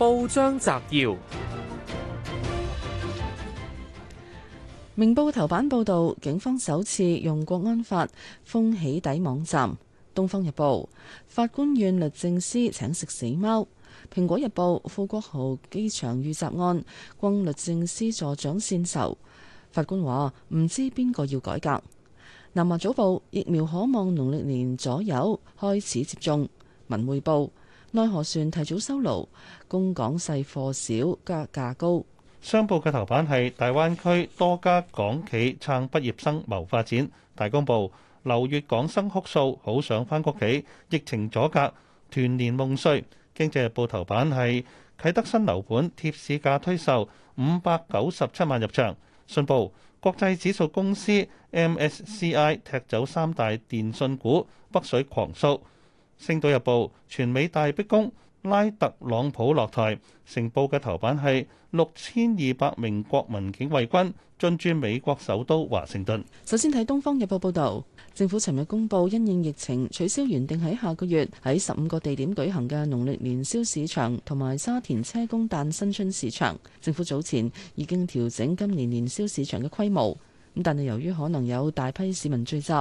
報章摘要：明報頭版報道，警方首次用國安法封起底網站。東方日報，法官院律政司請食死貓。蘋果日報，富國豪機場遇襲案，轟律政司助長線仇。法官話唔知邊個要改革。南華早報，疫苗可望農曆年左右開始接種。文匯報。內河船提早收爐，供港細貨少，價價高。商報嘅頭版係大灣區多家港企撐畢業生謀發展。大公報留粵港生哭訴，好想翻屋企，疫情阻隔，團年夢碎。經濟日報頭版係啟德新樓盤貼市價推售五百九十七萬入場。信報國際指數公司 MSCI 踢走三大電信股，北水狂掃。《星島日報》全美大逼宮拉特朗普落台，成報嘅頭版係六千二百名國民警衛軍進駐美國首都華盛頓。首先睇《東方日報》報道，政府尋日公布因應疫情取消原定喺下個月喺十五個地點舉行嘅農曆年宵市場同埋沙田車公誕新春市場。政府早前已經調整今年年宵市場嘅規模。但係由於可能有大批市民聚集，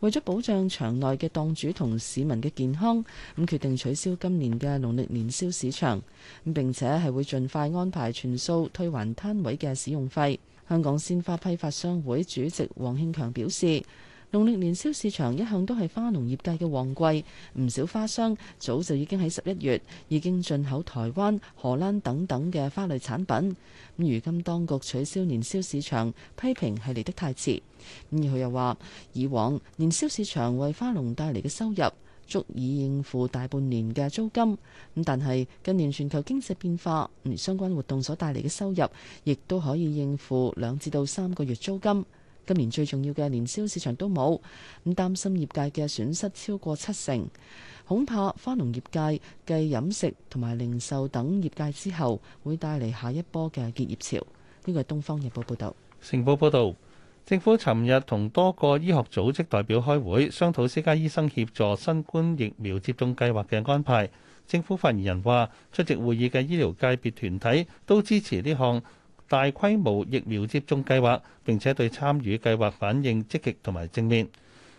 為咗保障場內嘅檔主同市民嘅健康，咁決定取消今年嘅農曆年宵市場，咁並且係會盡快安排全數退還攤位嘅使用費。香港鮮花批發商會主席黃興強表示。農曆年宵市場一向都係花農業界嘅旺季，唔少花商早就已經喺十一月已經進口台灣、荷蘭等等嘅花類產品。如今當局取消年宵市場，批評係嚟得太遲。咁佢又話，以往年宵市場為花農帶嚟嘅收入足以應付大半年嘅租金。咁但係近年全球經濟變化，咁相關活動所帶嚟嘅收入亦都可以應付兩至到三個月租金。今年最重要嘅年宵市場都冇，咁擔心業界嘅損失超過七成，恐怕花農業界，繼飲食同埋零售等業界之後會帶嚟下一波嘅結業潮。呢個係東方日報報道。成報報道，政府尋日同多個醫學組織代表開會，商討私家醫生協助新冠疫苗接種計劃嘅安排。政府發言人話，出席會議嘅醫療界別團體都支持呢項大規模疫苗接種計劃，並且對參與計劃反應積極同埋正面。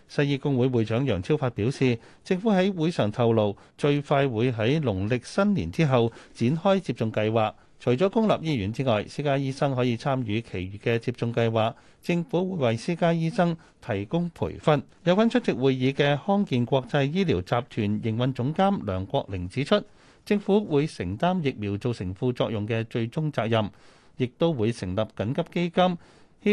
西醫工會會長楊超發表示，政府喺會上透露，最快會喺農曆新年之後展開接種計劃。除咗公立醫院之外，私家醫生可以參與其餘嘅接種計劃。政府會為私家醫生提供培訓。有份出席會議嘅康健國際醫療集團營運總監梁國寧指出，政府會承擔疫苗造成副作用嘅最終責任。亦都會成立緊急基金，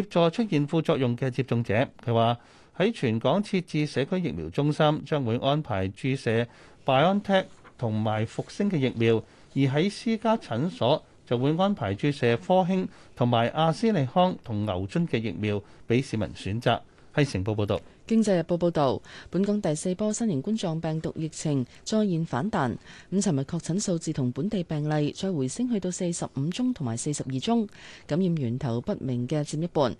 協助出現副作用嘅接種者。佢話喺全港設置社區疫苗中心，將會安排注射拜安特同埋復星嘅疫苗，而喺私家診所就會安排注射科興同埋阿斯利康同牛津嘅疫苗俾市民選擇。喺《成報》報道。經濟日報報導，本港第四波新型冠狀病毒疫情再現反彈。咁，尋日確診數字同本地病例再回升，去到四十五宗同埋四十二宗，感染源頭不明嘅佔一半。咁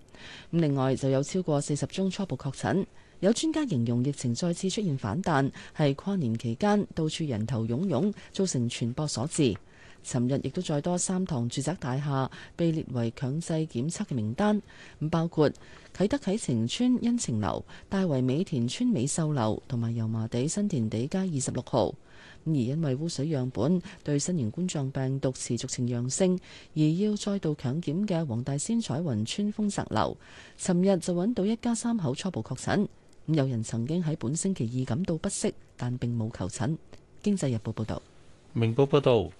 另外就有超過四十宗初步確診。有專家形容疫情再次出現反彈係跨年期間到處人頭湧湧造成傳播所致。尋日亦都再多三幢住宅大廈被列為強制檢測嘅名單，包括啟德啟晴邨恩晴樓、大圍美田邨美秀樓同埋油麻地新田地街二十六號。而因為污水樣本對新型冠狀病毒持續呈陽性，而要再度強檢嘅黃大仙彩雲邨豐澤樓，尋日就揾到一家三口初步確診。有人曾經喺本星期二感到不適，但並冇求診。經濟日報報道。明報報導。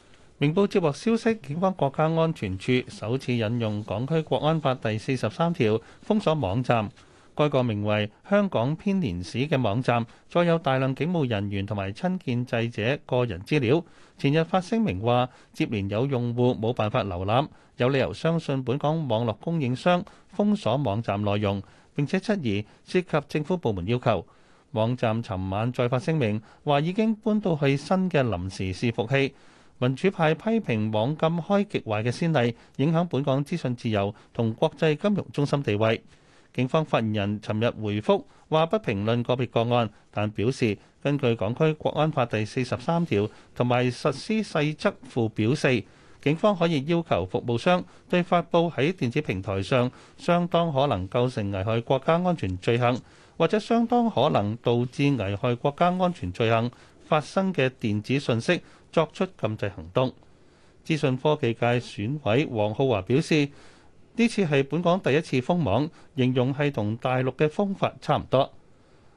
明報接獲消息，警方國家安全處首次引用港區國安法第四十三條封鎖網站。該個名為《香港編年史》嘅網站再有大量警務人員同埋親建制者個人資料。前日發聲明話，接連有用戶冇辦法瀏覽，有理由相信本港網絡供應商封鎖網站內容，並且質疑涉及政府部門要求。網站尋晚再發聲明話，已經搬到去新嘅臨時伺服器。民主派批評網禁開極壞嘅先例，影響本港資訊自由同國際金融中心地位。警方發言人尋日回覆話，不評論個別個案，但表示根據港區國安法第四十三條同埋實施細則附表四，警方可以要求服務商對發布喺電子平台上相當可能構成危害國家安全罪行，或者相當可能導致危害國家安全罪行發生嘅電子訊息作出禁制行動。資訊科技界選委黃浩華表示，呢次係本港第一次封網，形容係同大陸嘅方法差唔多。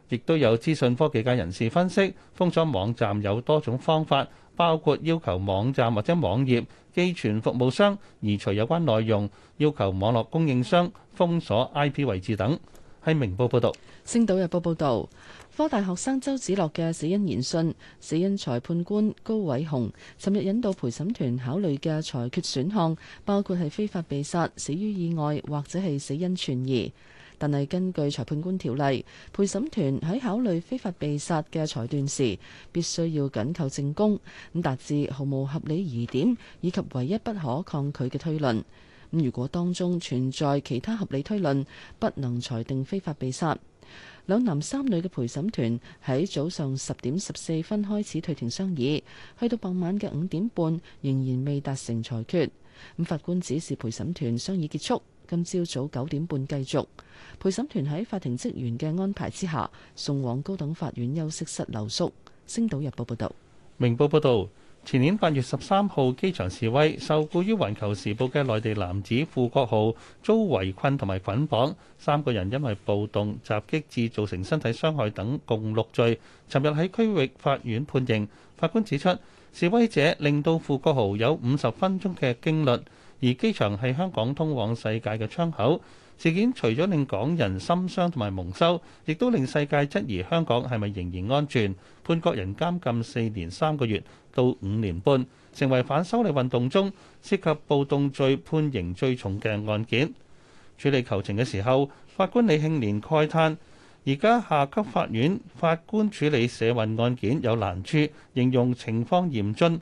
亦都有資訊科技界人士分析，封鎖網站有多種方法，包括要求網站或者網頁寄存服務商移除有關內容，要求網絡供應商封鎖 IP 位置等。係明報報道，星島日報報道，科大學生周子樂嘅死因言訊，死因裁判官高偉雄，尋日引導陪審團考慮嘅裁決選項，包括係非法被殺、死於意外或者係死因存疑。但係根據裁判官條例，陪審團喺考慮非法被殺嘅裁斷時，必須要緊扣證供，咁達至毫無合理疑點以及唯一不可抗拒嘅推論。咁如果當中存在其他合理推論，不能裁定非法被殺。兩男三女嘅陪審團喺早上十點十四分開始退庭商議，去到傍晚嘅五點半仍然未達成裁決。法官指示陪審團商議結束，今朝早九點半繼續。陪審團喺法庭職員嘅安排之下送往高等法院休息室留宿。星島日報報道。明報報導。前年八月十三號機場示威，受雇於《環球時報》嘅內地男子傅國豪遭圍困同埋捆綁，三個人因為暴動襲擊致造成身體傷害等共六罪，尋日喺區域法院判刑。法官指出，示威者令到傅國豪有五十分鐘嘅驚慮，而機場係香港通往世界嘅窗口。事件除咗令港人心傷同埋蒙羞，亦都令世界質疑香港係咪仍然安全。判國人監禁四年三個月到五年半，成為反修例運動中涉及暴動罪判刑最重嘅案件。處理求情嘅時候，法官李慶年慨嘆：而家下級法院法官處理社運案件有難處，形容情況嚴峻。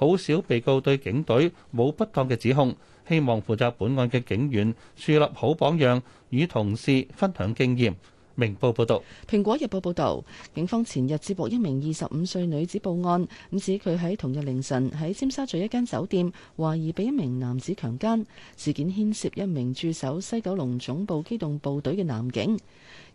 好少被告對警隊冇不當嘅指控，希望負責本案嘅警員樹立好榜樣，與同事分享經驗。明報報道，蘋果日報報道，警方前日接獲一名二十五歲女子報案，咁指佢喺同日凌晨喺尖沙咀一間酒店，懷疑俾一名男子強姦，事件牽涉一名駐守西九龍總部機動部隊嘅男警。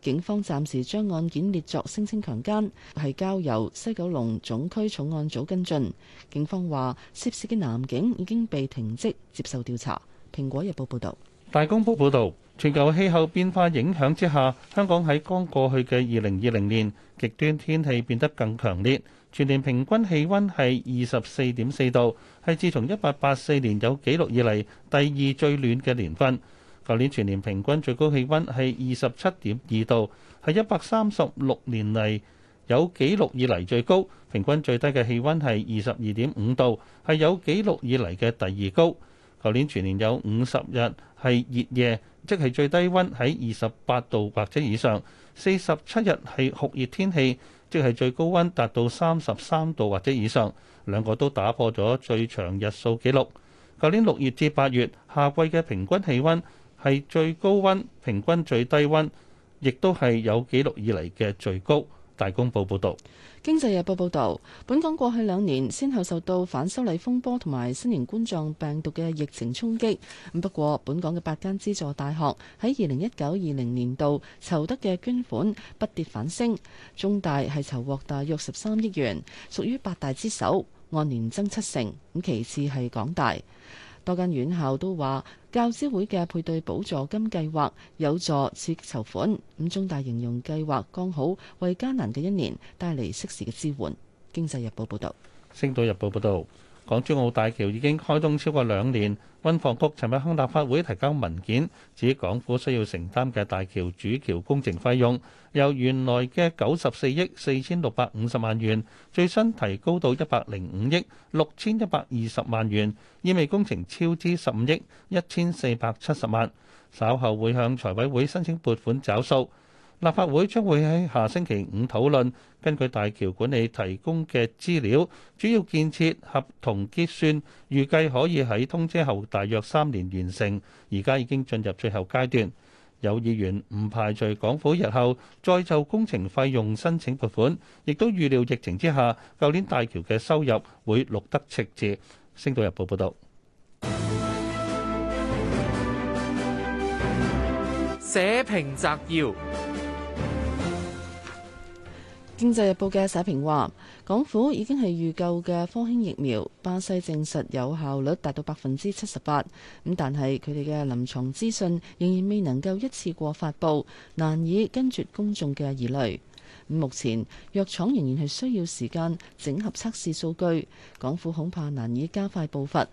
警方暫時將案件列作聲稱強姦，係交由西九龍總區重案組跟進。警方話，涉事嘅男警已經被停職接受調查。《蘋果日報》報道，《大公報》報道，全球氣候變化影響之下，香港喺剛過去嘅二零二零年，極端天氣變得更強烈。全年平均氣温係二十四點四度，係自從一八八四年有記錄以嚟第二最暖嘅年份。舊年全年平均最高氣温係二十七點二度，係一百三十六年嚟有紀錄以嚟最高。平均最低嘅氣温係二十二點五度，係有紀錄以嚟嘅第二高。舊年全年有五十日係熱夜，即係最低温喺二十八度或者以上；四十七日係酷熱天氣，即係最高温達到三十三度或者以上。兩個都打破咗最長日數紀錄。舊年六月至八月夏季嘅平均氣温。係最高温，平均最低温，亦都係有記錄以嚟嘅最高。大公報報導，《經濟日報》報導，本港過去兩年先後受到反修例風波同埋新型冠狀病毒嘅疫情衝擊。不過，本港嘅八間資助大學喺二零一九、二零年度籌得嘅捐款不跌反升，中大係籌獲大約十三億元，屬於八大之首，按年增七成。咁其次係港大。多間院校都話，教資會嘅配對補助金計劃有助刺激籌款。咁中大形容計劃剛好為艱難嘅一年帶嚟適時嘅支援。經濟日報報道。星島日報報導。港珠澳大橋已經開通超過兩年，運房局尋日向立法會提交文件，指港府需要承擔嘅大橋主橋工程費用由原來嘅九十四億四千六百五十萬元，最新提高到一百零五億六千一百二十萬元，意味工程超支十五億一千四百七十萬，稍後會向財委會申請撥款找數。立法會將會喺下星期五討論，根據大橋管理提供嘅資料，主要建設合同結算預計可以喺通車後大約三年完成，而家已經進入最後階段。有議員唔排除港府日後再就工程費用申請撥款，亦都預料疫情之下，舊年大橋嘅收入會錄得赤字。星島日報報導。社評摘要。經濟日報嘅社評話，港府已經係預購嘅科興疫苗，巴西證實有效率達到百分之七十八，咁但係佢哋嘅臨床資訊仍然未能夠一次過發佈，難以根絕公眾嘅疑慮。目前藥廠仍然係需要時間整合測試數據，港府恐怕難以加快步伐。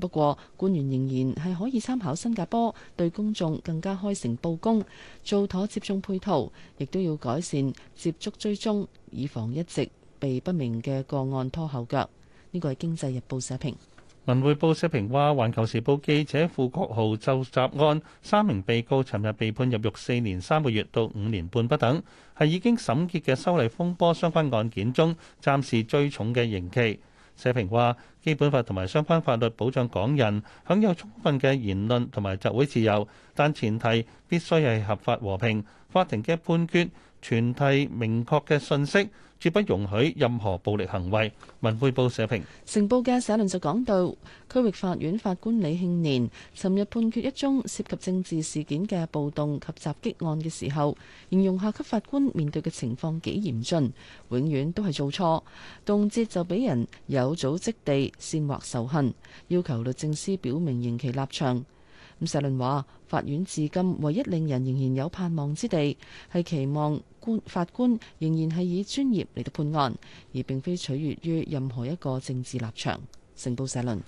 不過，官員仍然係可以參考新加坡對公眾更加開誠佈公，做妥接種配套，亦都要改善接觸追蹤，以防一直被不明嘅個案拖後腳。呢個係《經濟日報》社評。《文匯報》社評話，《環球時報》記者傅國豪就襲案三名被告，尋日被判入獄四年三個月到五年半不等，係已經審結嘅修例風波相關案件中，暫時最重嘅刑期。社評話。基本法同埋相關法律保障港人享有充分嘅言論同埋集會自由，但前提必須係合法和平。法庭嘅判決傳遞明確嘅信息，絕不容許任何暴力行為。文匯報社評。成報嘅社論就講到，區域法院法官李慶年尋日判決一宗涉及政治事件嘅暴動及襲擊案嘅時候，形容下級法官面對嘅情況幾嚴峻，永遠都係做錯，動輒就俾人有組織地煽惑仇恨，要求律政司表明刑期立場。咁社論話：法院至今唯一令人仍然有盼望之地，係期望官法官仍然係以專業嚟到判案，而並非取悅於任何一個政治立場。成報社論。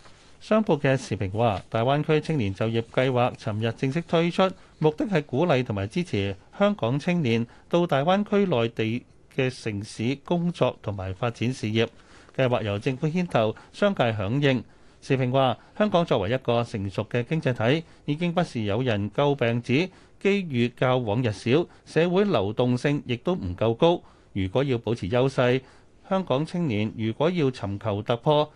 商報嘅時評話：大灣區青年就業計劃尋日正式推出，目的係鼓勵同埋支持香港青年到大灣區內地嘅城市工作同埋發展事業。計劃由政府牽頭，商界響應。時評話：香港作為一個成熟嘅經濟體，已經不時有人詬病，指機遇較往日少，社會流動性亦都唔夠高。如果要保持優勢，香港青年如果要尋求突破，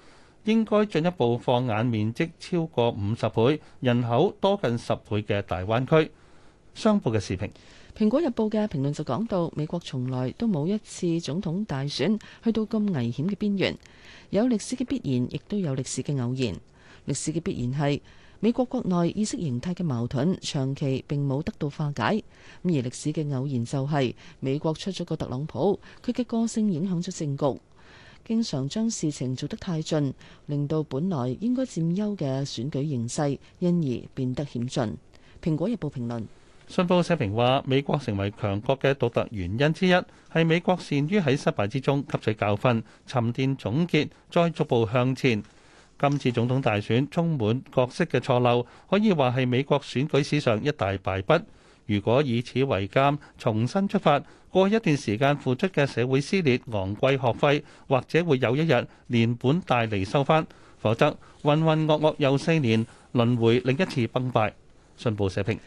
應該進一步放眼面積超過五十倍、人口多近十倍嘅大灣區。商報嘅時評。《蘋果日報》嘅評論就講到，美國從來都冇一次總統大選去到咁危險嘅邊緣。有歷史嘅必然，亦都有歷史嘅偶然。歷史嘅必然係美國國內意識形態嘅矛盾長期並冇得到化解。咁而歷史嘅偶然就係美國出咗個特朗普，佢嘅個性影響咗政局，經常將事情做得太盡，令到本來應該佔優嘅選舉形勢因而變得險峻。《蘋果日報》評論。信報社評話：美國成為強國嘅獨特原因之一係美國善於喺失敗之中吸取教訓、沉澱總結，再逐步向前。今次總統大選充滿各式嘅錯漏，可以話係美國選舉史上一大敗筆。如果以此為鑑，重新出發，過一段時間付出嘅社會撕裂、昂貴學費，或者會有一日連本帶利收翻；否則渾渾噩噩又四年，輪迴另一次崩敗。信報社評。